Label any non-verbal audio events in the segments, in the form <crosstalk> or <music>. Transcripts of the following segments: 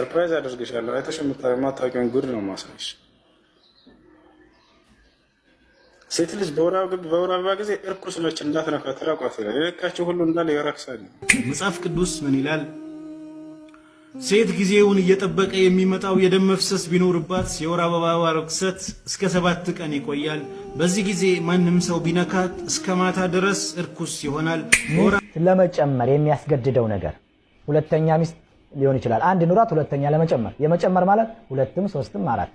ሰርፕራይዝ አደርግሻለሁ። አይተሽ የማታውቂውን ጉድ ነው ማሳይሽ። ሴት ልጅ በወር አበባ ጊዜ እርኩስ ነች፣ እንዳትነካ ተራቋት ይላል። የነካችው ሁሉ እንዳለ የራክሳል። መጽሐፍ ቅዱስ ምን ይላል? ሴት ጊዜውን እየጠበቀ የሚመጣው የደም መፍሰስ ቢኖርባት የወር አበባ ርክሰት እስከ ሰባት ቀን ይቆያል። በዚህ ጊዜ ማንም ሰው ቢነካት እስከ ማታ ድረስ እርኩስ ይሆናል። ለመጨመር የሚያስገድደው ነገር ሁለተኛ ሚስት ሊሆን ይችላል። አንድ ኑራት ሁለተኛ ለመጨመር የመጨመር ማለት ሁለትም ሶስትም አራት።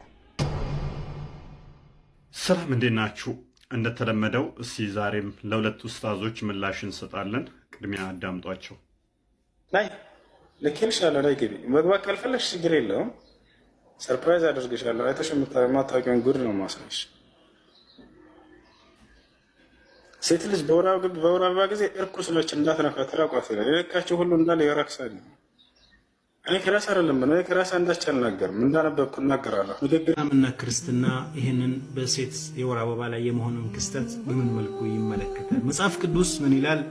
ሰላም እንዴት ናችሁ? እንደተለመደው እስቲ ዛሬም ለሁለት ኡስታዞች ምላሽ እንሰጣለን። ቅድሚያ አዳምጧቸው። ናይ ልኬልሻለሁ፣ ናይ ግቢ። መግባት ካልፈለግሽ ችግር የለውም፣ ሰርፕራይዝ አድርግሻለሁ። አይተሽ የማታውቂውን ጉድ ነው ማሳይሽ። ሴት ልጅ በወር አበባ ጊዜ እርኩስ ነች፣ እንዳትነካ ተራቋት። የነካችው ሁሉ እንዳለ የራክሳል እኔ ከራስ አይደለም ነው ከራስ አንዳች አልናገርም። እንዳነበብኩ እናገራለሁ። እስልምና ክርስትና ይህንን በሴት የወር አበባ ላይ የመሆኑን ክስተት በምን መልኩ ይመለከታል? መጽሐፍ ቅዱስ ምን ይላል?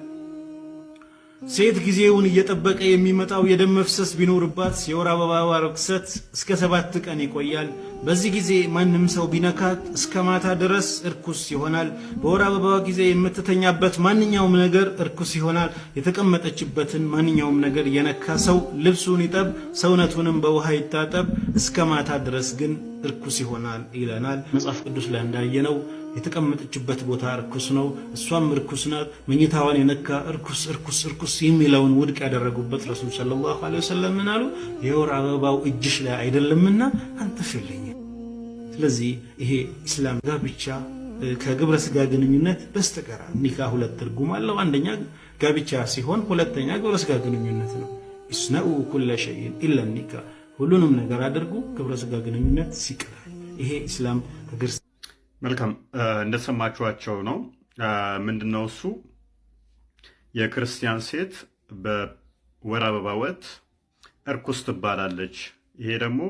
ሴት ጊዜውን እየጠበቀ የሚመጣው የደም መፍሰስ ቢኖርባት የወር አበባዋ ርክሰት እስከ ሰባት ቀን ይቆያል። በዚህ ጊዜ ማንም ሰው ቢነካት እስከ ማታ ድረስ እርኩስ ይሆናል። በወር አበባዋ ጊዜ የምትተኛበት ማንኛውም ነገር እርኩስ ይሆናል። የተቀመጠችበትን ማንኛውም ነገር የነካ ሰው ልብሱን ይጠብ፣ ሰውነቱንም በውሃ ይታጠብ፣ እስከ ማታ ድረስ ግን እርኩስ ይሆናል ይለናል መጽሐፍ ቅዱስ ላይ እንዳየነው የተቀመጠችበት ቦታ እርኩስ ነው፣ እሷም እርኩስ ናት፣ መኝታዋን የነካ እርኩስ እርኩስ እርኩስ የሚለውን ውድቅ ያደረጉበት ረሱል ሰለላሁ ዐለይሂ ወሰለም ምን አሉ? የወር አበባው እጅሽ ላይ አይደለምና አንተፍልኝ። ስለዚህ ይሄ ኢስላም ጋብቻ ከግብረ ስጋ ግንኙነት በስተቀር ኒካ ሁለት ትርጉም አለው። አንደኛ ጋብቻ ሲሆን፣ ሁለተኛ ግብረ ስጋ ግንኙነት ነው። እስነኡ ኩለ ሸይን ኢለ ኒካ፣ ሁሉንም ነገር አድርጉ ግብረ ስጋ ግንኙነት ሲቀር። ይሄ ኢስላም መልካም እንደሰማችኋቸው ነው። ምንድን ነው እሱ የክርስቲያን ሴት በወር አበባ ወቅት እርኩስ ትባላለች። ይሄ ደግሞ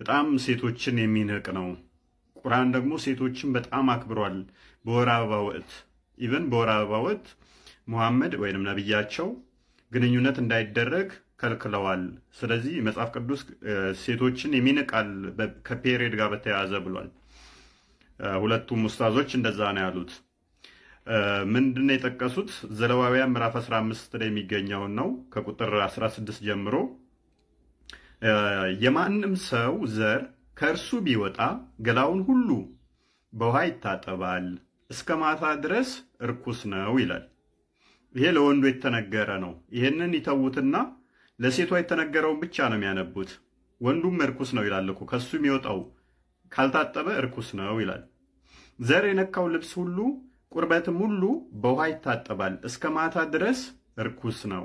በጣም ሴቶችን የሚንቅ ነው። ቁርአን ደግሞ ሴቶችን በጣም አክብሯል። በወር አበባ ወቅት ኢቨን በወር አበባ ወቅት ሙሐመድ ወይንም ነቢያቸው ግንኙነት እንዳይደረግ ከልክለዋል። ስለዚህ መጽሐፍ ቅዱስ ሴቶችን የሚንቃል ከፔሬድ ጋር በተያያዘ ብሏል። ሁለቱም ውስታዞች እንደዛ ነው ያሉት። ምንድነው የጠቀሱት? ዘለዋውያን ምዕራፍ 15 ላይ የሚገኘውን ነው ከቁጥር 16 ጀምሮ የማንም ሰው ዘር ከእርሱ ቢወጣ ገላውን ሁሉ በውሃ ይታጠባል፣ እስከ ማታ ድረስ እርኩስ ነው ይላል። ይሄ ለወንዱ የተነገረ ነው። ይህንን ይተዉትና ለሴቷ የተነገረውን ብቻ ነው የሚያነቡት። ወንዱም እርኩስ ነው ይላል እኮ ከእሱ የሚወጣው ካልታጠበ እርኩስ ነው ይላል። ዘር የነካው ልብስ ሁሉ ቁርበትም ሁሉ በውሃ ይታጠባል፣ እስከ ማታ ድረስ እርኩስ ነው።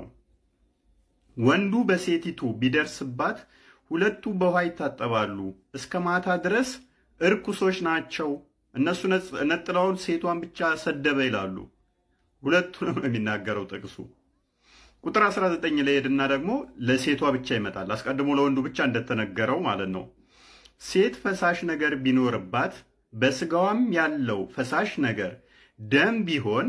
ወንዱ በሴቲቱ ቢደርስባት ሁለቱ በውሃ ይታጠባሉ፣ እስከ ማታ ድረስ እርኩሶች ናቸው። እነሱ ነጥላውን ሴቷን ብቻ ሰደበ ይላሉ። ሁለቱ ነው የሚናገረው ጥቅሱ። ቁጥር 19 ላይ ሄድና ደግሞ ለሴቷ ብቻ ይመጣል። አስቀድሞ ለወንዱ ብቻ እንደተነገረው ማለት ነው። ሴት ፈሳሽ ነገር ቢኖርባት በስጋዋም ያለው ፈሳሽ ነገር ደም ቢሆን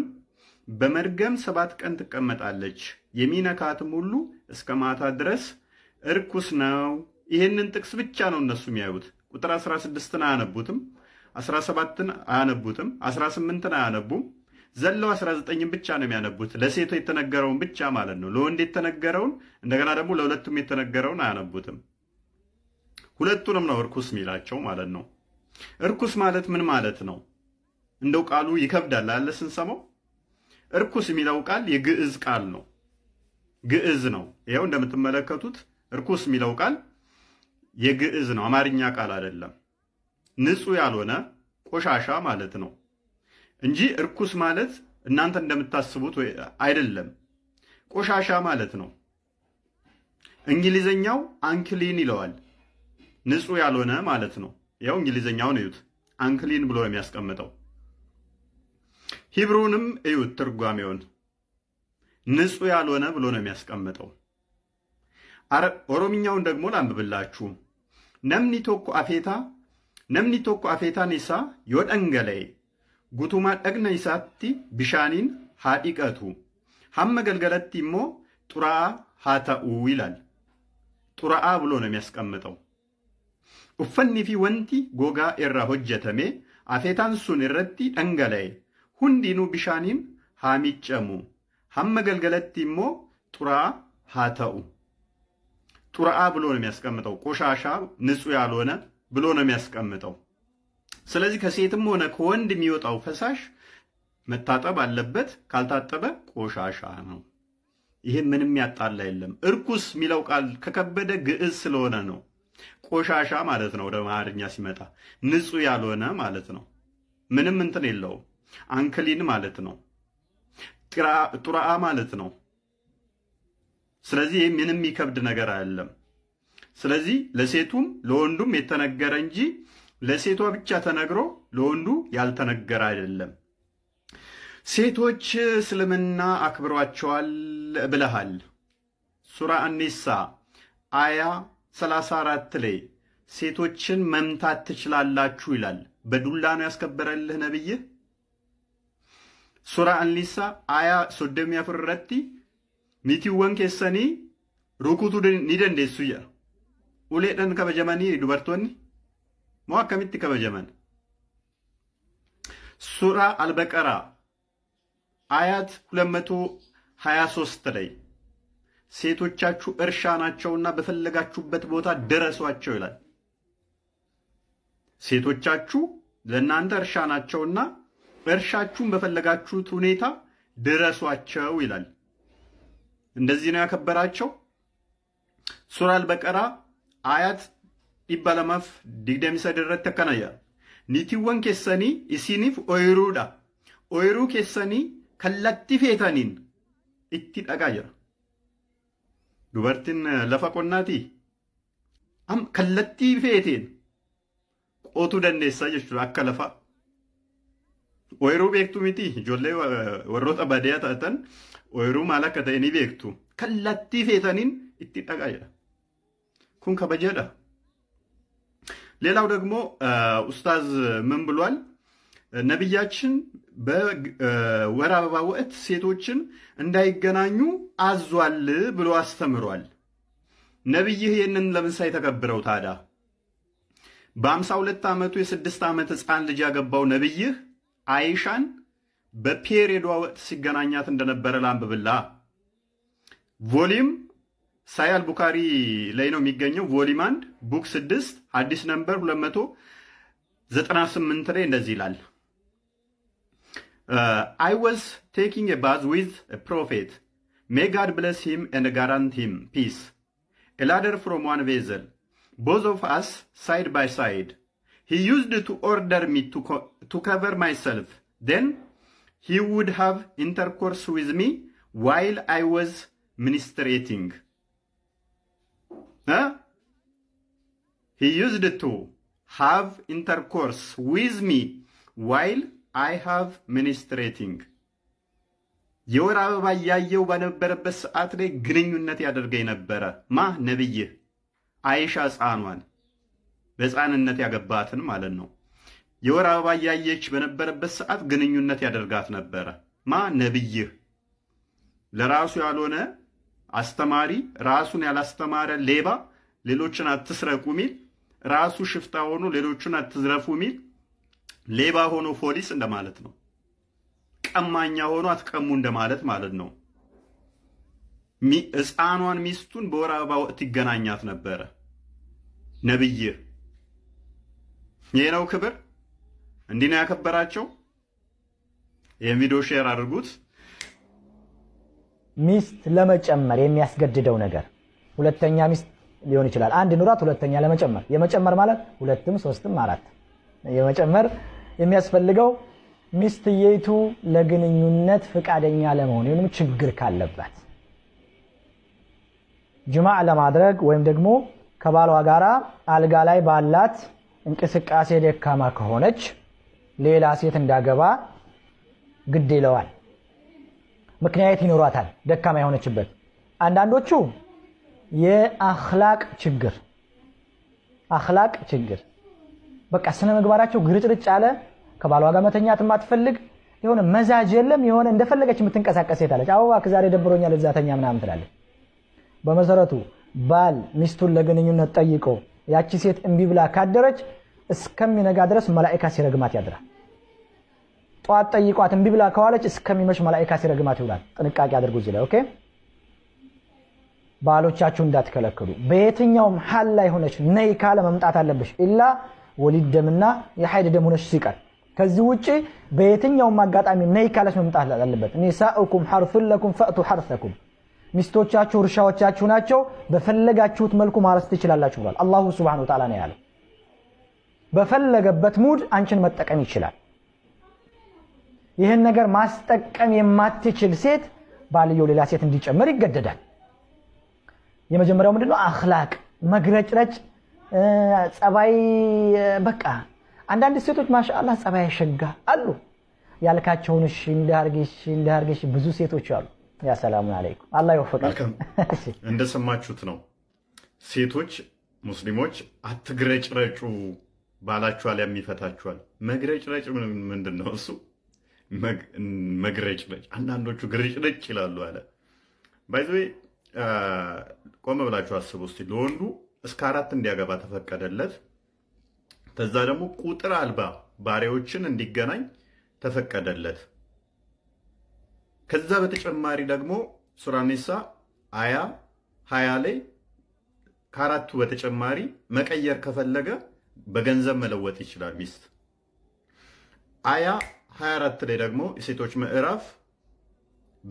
በመርገም ሰባት ቀን ትቀመጣለች። የሚነካትም ሁሉ እስከ ማታ ድረስ እርኩስ ነው። ይህንን ጥቅስ ብቻ ነው እነሱ የሚያዩት። ቁጥር 16ን አያነቡትም፣ 17ን አያነቡትም፣ 18ን አያነቡም። ዘለው 19ን ብቻ ነው የሚያነቡት። ለሴቶ የተነገረውን ብቻ ማለት ነው። ለወንድ የተነገረውን እንደገና ደግሞ ለሁለቱም የተነገረውን አያነቡትም። ሁለቱንም ነው እርኩስ የሚላቸው ማለት ነው። እርኩስ ማለት ምን ማለት ነው? እንደው ቃሉ ይከብዳል አለ ስንሰማው። እርኩስ የሚለው ቃል የግዕዝ ቃል ነው፣ ግዕዝ ነው። ይኸው እንደምትመለከቱት እርኩስ የሚለው ቃል የግዕዝ ነው፣ አማርኛ ቃል አይደለም። ንጹህ ያልሆነ ቆሻሻ ማለት ነው እንጂ እርኩስ ማለት እናንተ እንደምታስቡት አይደለም፣ ቆሻሻ ማለት ነው። እንግሊዘኛው አንክሊን ይለዋል፣ ንጹህ ያልሆነ ማለት ነው። ይኸው እንግሊዝኛውን እዩት አንክሊን ብሎ ነው የሚያስቀምጠው። ሂብሩንም እዩት ትርጓሜውን ንጹሕ ያልሆነ ብሎ ነው የሚያስቀምጠው። ኦሮምኛውን ደግሞ ላንብብላችሁ። ነምኒ ቶኮ አፌታ ነምኒ ቶኮ አፌታን ኢሳ ዮ ጉቱማ ጠግነ ይሳቲ ብሻኒን haa dhiqatu hamma galgalatti immoo xuraa'aa ይላል። ጡራአ ብሎ ነው የሚያስቀምጠው። Uffanni fi wanti gogaa irraa hojjetame afeetaan sun irratti dhangala'e hundinuu bishaaniin haa miiccamu. Hamma galgalatti immoo xuraa haa ta'u። ጡረአ ብሎ ነው የሚያስቀምጠው። ቆሻሻ ንጹህ ያልሆነ ብሎ ነው የሚያስቀምጠው። ስለዚህ ከሴትም ሆነ ከወንድ የሚወጣው ፈሳሽ መታጠብ አለበት። ካልታጠበ ቆሻሻ ነው። ይሄ ምንም ያጣላ የለም። እርኩስ የሚለው ቃል ከከበደ ግዕዝ ስለሆነ ነው። ቆሻሻ ማለት ነው። ወደ አማርኛ ሲመጣ ንጹህ ያልሆነ ማለት ነው። ምንም እንትን የለውም። አንክሊን ማለት ነው። ጡረአ ማለት ነው። ስለዚህ ምንም የሚከብድ ነገር አይደለም። ስለዚህ ለሴቱም ለወንዱም የተነገረ እንጂ ለሴቷ ብቻ ተነግሮ ለወንዱ ያልተነገረ አይደለም። ሴቶች እስልምና አክብሯቸዋል ብለሃል። ሱራ አኒሳ አያ 34 ላይ ሴቶችን መምታት ትችላላችሁ ይላል። በዱላ ነው ያስከበረልህ ነብይህ። ሱራ አንሊሳ አያ ሶደም ያፍረቲ ኒቲወን ኬሰኒ ሩኩቱ ኒደንዴሱ ያ ኡሌደን ከበጀመኒ ዱበርቶኒ ሞ ከሚት ከበጀመን ሱራ አልበቀራ አያት 223 ላይ ሴቶቻችሁ እርሻ ናቸውና በፈለጋችሁበት ቦታ ድረሷቸው ይላል። ሴቶቻችሁ ለእናንተ እርሻ ናቸውና እርሻችሁን በፈለጋችሁት ሁኔታ ድረሷቸው ይላል። እንደዚህ ነው ያከበራቸው። ሱራል በቀራ አያት ዲባለማፍ ዲግደሚሰ ድረት ተከናያ ኒቲወን ኬሰኒ ኢሲኒፍ ኦይሩዳ ኦይሩ ኬሰኒ ከላቲፌታኒን ፌተኒን ኢቲ ደቃ Dubartiin lafa qonnaati kallattii feeteen qotuu dandeessa jechuudha akka lafa. Ooyiruu beektu miti ijoollee warroota baadiyyaa taatan ooyiruu maal akka ta'e ni beektu. Kallattii feetaniin itti dhagaa jedha. Kun kabajadha. ሌላው ደግሞ ustaaz ምን ብሏል? ነቢያችን በወር አበባ ወቅት ሴቶችን እንዳይገናኙ አዟል ብሎ አስተምሯል። ነቢይህ ይህንን ለምን ሳይተከብረው ታዳ በአምሳ ሁለት ዓመቱ የስድስት ዓመት ሕፃን ልጅ ያገባው ነቢይህ አይሻን በፔሬዷ ወቅት ሲገናኛት እንደነበረ ላንብብላ። ቮሊም ሳያል ቡካሪ ላይ ነው የሚገኘው። ቮሊም አንድ ቡክ ስድስት አዲስ ሀዲስ ነምበር 298 ላይ እንደዚህ ይላል። Uh, I was taking a bath with a prophet. May God bless him and grant him peace. A ladder from one vessel. Both of us side by side. He used to order me to, co to cover myself. Then he would have intercourse with me while I was ministrating. Huh? He used to have intercourse with me while አይ ሃቭ ሚኒስትሬቲንግ የወር አበባ እያየው ባነበረበት ሰዓት ላይ ግንኙነት ያደርገኝ ነበረ። ማ ነብይህ አይሻ ሕፃኗን በሕፃንነት ያገባትን ማለት ነው። የወር አበባ እያየች በነበረበት ሰዓት ግንኙነት ያደርጋት ነበረ። ማ ነብይህ ለራሱ ያልሆነ አስተማሪ፣ ራሱን ያላስተማረ ሌባ፣ ሌሎችን አትስረቁ ሚል ራሱ ሽፍታ ሆኖ ሌሎችን አትዝረፉ ሚል ሌባ ሆኖ ፖሊስ እንደማለት ነው። ቀማኛ ሆኖ አትቀሙ እንደማለት ማለት ነው። ሕፃኗን ሚስቱን በወር አበባ ወቅት ይገናኛት ነበረ ነብይ። ይህ ነው ክብር። እንዲህ ነው ያከበራቸው። ይህን ቪዲዮ ሼር አድርጉት። ሚስት ለመጨመር የሚያስገድደው ነገር ሁለተኛ ሚስት ሊሆን ይችላል። አንድ ኑራት ሁለተኛ ለመጨመር የመጨመር ማለት ሁለትም ሶስትም አራት የመጨመር የሚያስፈልገው ሚስትየቱ ለግንኙነት ፍቃደኛ ለመሆን ወይም ችግር ካለባት ጅማዕ ለማድረግ ወይም ደግሞ ከባሏ ጋራ አልጋ ላይ ባላት እንቅስቃሴ ደካማ ከሆነች ሌላ ሴት እንዳገባ ግድ ይለዋል። ምክንያት ይኖሯታል፣ ደካማ የሆነችበት። አንዳንዶቹ የአኽላቅ ችግር አኽላቅ ችግር በቃ ስነ ምግባራቸው ግርጭርጭ አለ። ከባሏ ጋር መተኛት ማትፈልግ የሆነ መዛጅ የለም። የሆነ እንደፈለገች የምትንቀሳቀስ ሴት አለች። አዎ ዛሬ ደብሮኛል እዛ ምናምን ትላለች። በመሰረቱ ባል ሚስቱን ለግንኙነት ጠይቆ ያቺ ሴት እምቢ ብላ ካደረች እስከሚነጋ ድረስ መላኢካ ሲረግማት ያድራል። ጠዋት ጠይቋት እምቢ ብላ ከዋለች እስከሚመሽ መላኢካ ሲረግማት ይውላል። ጥንቃቄ አድርጉ እዚህ ላይ ኦኬ። ባሎቻችሁ እንዳትከለክሉ። በየትኛውም ሀል ላይ ሆነች ነይ ካለ መምጣት አለብሽ ኢላ ወሊድ ደምና የሀይድ ደም ሆነሽ ሲቀር ከዚህ ውጪ በየትኛውም አጋጣሚ ነይ ካለች መምጣት አለበት። ኒሳኡኩም ሐርሱን ለኩም ፈእቱ ሐርሰኩም፣ ሚስቶቻችሁ እርሻዎቻችሁ ናቸው፣ በፈለጋችሁት መልኩ ማረስ ትችላላችሁ ብሏል። አላሁ ስብሓነሁ ወተዓላ ነው ያለው። በፈለገበት ሙድ አንችን መጠቀም ይችላል። ይህን ነገር ማስጠቀም የማትችል ሴት ባልየው ሌላ ሴት እንዲጨምር ይገደዳል። የመጀመሪያው ምንድነው? አክላቅ መግረጭረጭ ጸባይ በቃ አንዳንድ ሴቶች ማሻአላ ጸባይ ያሸጋ አሉ። ያልካቸውን እሺ እንዳርግሽ እንዳርግሽ ብዙ ሴቶች አሉ። ያ ሰላሙን አለይኩም አላህ ይወፈቃችሁ። <laughs> እንደሰማችሁት ነው። ሴቶች ሙስሊሞች አትግረጭረጩ፣ ባላችኋል ያሚፈታችኋል። መግረጭረጭ ምንድን ነው እሱ? መግረጭረጭ አንዳንዶቹ ግርጭረጭ ይላሉ አለ ባይዘ ቆመ ብላችሁ አስቡ እስኪ ለወንዱ እስከ አራት እንዲያገባ ተፈቀደለት። ከዛ ደግሞ ቁጥር አልባ ባሪያዎችን እንዲገናኝ ተፈቀደለት። ከዛ በተጨማሪ ደግሞ ሱራኒሳ አያ ሀያ ላይ ከአራቱ በተጨማሪ መቀየር ከፈለገ በገንዘብ መለወጥ ይችላል ሚስት። አያ 24 ላይ ደግሞ የሴቶች ምዕራፍ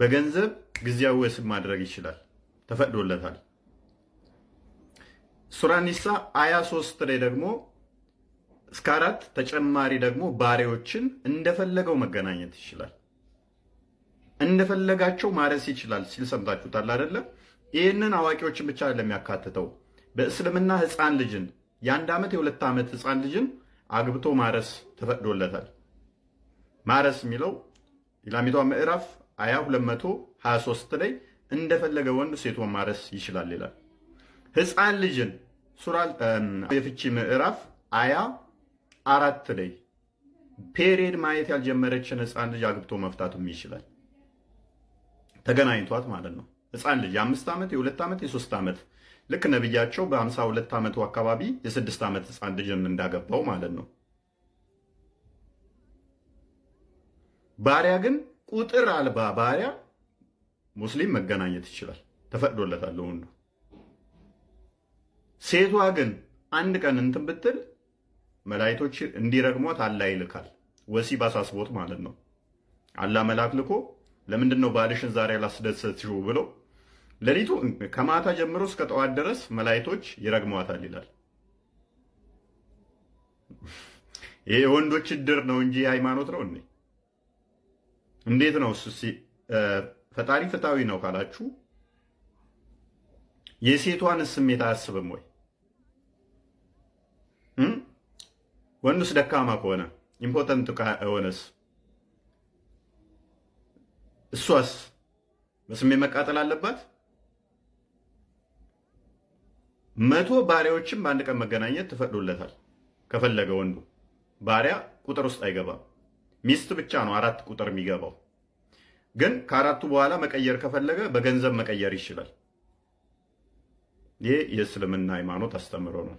በገንዘብ ጊዜያዊ ወሲብ ማድረግ ይችላል፣ ተፈቅዶለታል። ሱራኒሳ አያ ሶስት ላይ ደግሞ እስከ አራት ተጨማሪ ደግሞ ባሪዎችን እንደፈለገው መገናኘት ይችላል፣ እንደፈለጋቸው ማረስ ይችላል ሲል ሰምታችሁታል አይደለ? ይህንን አዋቂዎችን ብቻ ለሚያካትተው በእስልምና ህፃን ልጅን የአንድ ዓመት የሁለት ዓመት ህፃን ልጅን አግብቶ ማረስ ተፈቅዶለታል። ማረስ የሚለው ኢላሚቷ ምዕራፍ አያ 223 ላይ እንደፈለገ ወንድ ሴቶ ማረስ ይችላል ይላል። ህፃን ልጅን ሱራ የፍቺ ምዕራፍ አያ አራት ላይ ፔሬድ ማየት ያልጀመረችን ህፃን ልጅ አግብቶ መፍታትም ይችላል። ተገናኝቷት ማለት ነው። ህፃን ልጅ የአምስት ዓመት የሁለት ዓመት የሶስት ዓመት ልክ ነብያቸው በሀምሳ ሁለት ዓመቱ አካባቢ የስድስት ዓመት ህፃን ልጅን እንዳገባው ማለት ነው። ባሪያ ግን ቁጥር አልባ ባሪያ ሙስሊም መገናኘት ይችላል፣ ተፈቅዶለታል ለወንዱ። ሴቷ ግን አንድ ቀን እንትን ብትል መላእክቶች እንዲረግሟት አላ ይልካል። ወሲብ አሳስቦት ማለት ነው። አላ መልአክ ልኮ ለምንድን ነው ባልሽን ዛሬ ላስደሰትሽው ብሎ ሌሊቱ ከማታ ጀምሮ እስከ ጠዋት ድረስ መላእክቶች ይረግሟታል ይላል። ይሄ የወንዶች እድር ነው እንጂ ሃይማኖት ነው እንዴ? እንዴት ነው እሱ? ፈጣሪ ፍታዊ ነው ካላችሁ የሴቷን ስሜት አያስብም ወይ? ወንዱስ ደካማ ከሆነ ኢምፖተንት ከሆነስ እሷስ በስሜ መቃጠል አለባት? መቶ ባሪያዎችም በአንድ ቀን መገናኘት ትፈቅዶለታል። ከፈለገ ወንዱ ባሪያ ቁጥር ውስጥ አይገባም። ሚስት ብቻ ነው አራት ቁጥር የሚገባው። ግን ከአራቱ በኋላ መቀየር ከፈለገ በገንዘብ መቀየር ይችላል። ይህ የእስልምና ሃይማኖት አስተምሮ ነው።